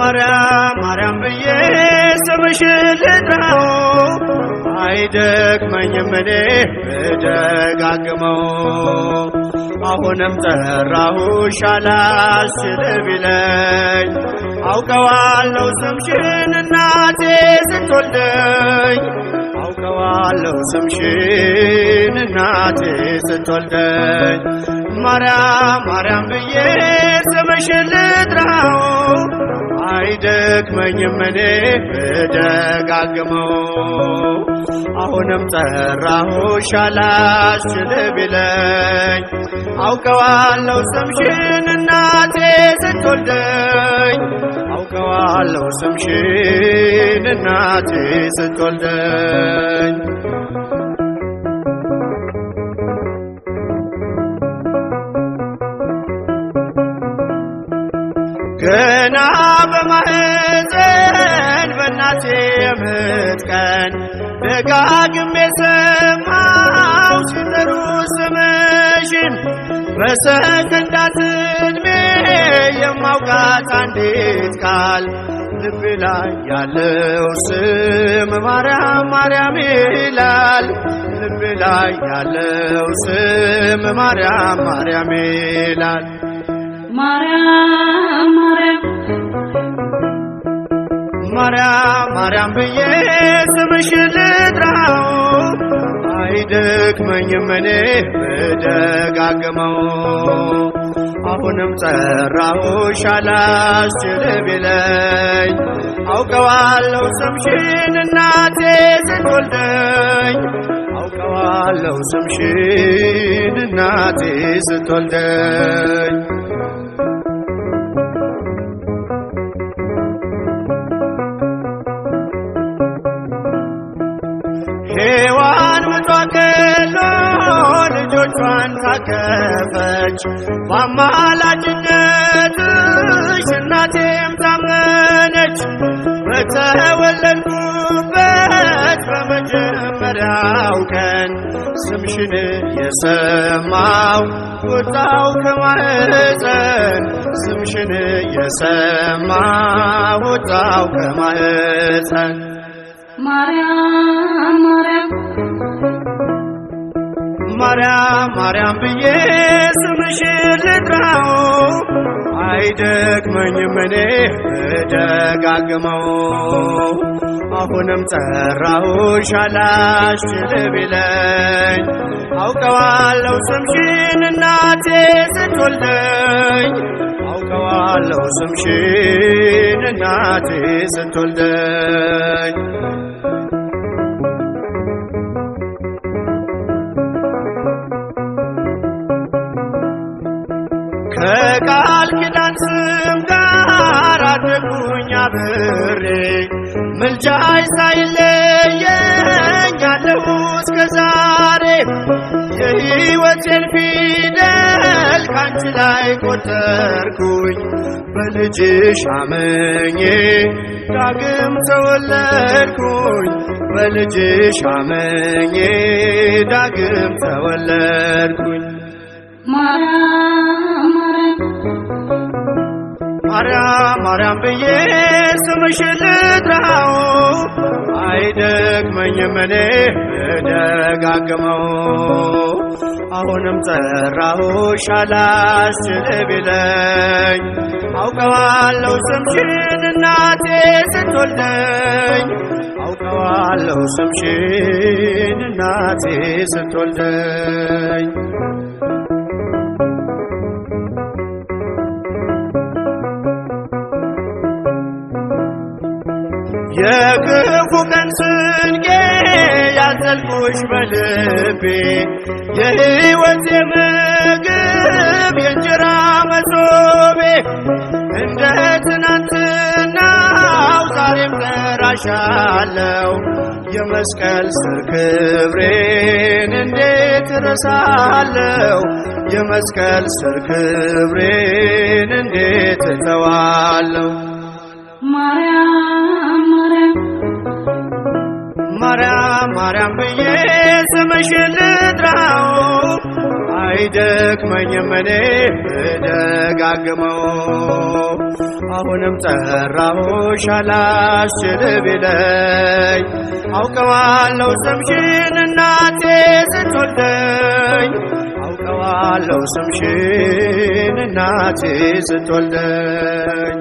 ማርያም ማርያም ብዬ ስምሽን ልጥራው አይደክመኝም እኔ እደጋግመው አሁንም ጠራሁ ሻላስ ቢለኝ አውቀዋለሁ ስምሽን እናቴ ስትወልደኝ አውቀዋለሁ ስምሽን እናቴ ስትወልደኝ ማርያም ማርያም ብዬ ስምሽን ልጥራው አይደክመኝም እኔ ብደጋግመው አሁንም ጠራሁ ሻላሽል ቢለኝ አውቀዋለሁ ስምሽን እናቴ ስትወልደኝ አውቀዋለሁ ስምሽን እናቴ ስትወልደኝ ገና በማህፀን በእናቴ የምጥ ቀን ደጋግሜ ሰማሁ ሲጠሩ ስምሽን በሰከንዳት ዕድሜ የማውቃት አንዲት ቃል ልቤ ላይ ያለው ስም ማርያም ማርያም ይላል። ልቤ ላይ ያለው ስም ማርያም ማርያም ይላል። ማርያም ማርያም ብዬ ስምሽ ልጥራው አይደክመኝም እኔ ብደጋግመው አሁንም ጠራሁሽ አላስችል ቢለኝ አውቀዋለሁ ስምሽን እናቴ ስትወልደኝ አውቀዋለሁ ስምሽን እናቴ ስትወልደኝ ሔዋን ምጧ ልጆቿን ታቀፈች በአማላጅነትሽ እናቴም ታመነች በተወለድኩበት በመጀመሪያው ቀን ስምሽን የሰማው ወጣው ከማህፀን ስምሽን የሰማው ወጣው ከማህፀን ማርያም ማርያም ማርያም ብዬ ስምሽን ልጥራው አይደክመኝም እኔ እደጋግመው አሁንም ጠራሁሽ አላስችል ቢለኝ አውቀዋለው ስምሽን እናቴ ስትወልደኝ አውቀዋለው ስምሽን እናቴ ስትወልደኝ ከቃል ኪዳን ስም ጋር አደጉኝ አብሬ ምልጃይ ሳይለየኝ ያለው እስከ ዛሬ የሕይወቴን ፊደል ካንቺ ላይ ቆጠርኩኝ በልጅሽ አመኜ ዳግም ተወለድኩኝ በልጅሽ አመኜ ዳግም ተወለድኩኝ ማርያም ማርያም ማርያም ብዬ ስምሽን ልጥራው አይደክመኝም እኔ እደጋግመው። አሁንም ጠራሁሽ አላስችል ቢለኝ አውቀዋለሁ ስምሽን እናቴ ስትወልደኝ አውቀዋለሁ ስምሽን እናቴ ስትወልደኝ የክፉ ቀን ስንቄ ያዘልኩሽ በልቤ የህይወት የምግብ የእንጀራ መሶቤ እንደ ትናንትናው ዛሬም ተራሻለው የመስቀል ስር ክብሬን እንዴት እረሳለው የመስቀል ስር ክብሬን እንዴት እተዋለው ማርያም ማርያም ብዬ ስምሽን ልጥራው አይደክመኝም እኔ እደጋግመው አሁንም ጠራሁሽ አላስችል ቢለኝ አውቀዋለሁ ስምሽን እናቴ ስትወልደኝ አውቀዋለሁ ስምሽን እናቴ ስትወልደኝ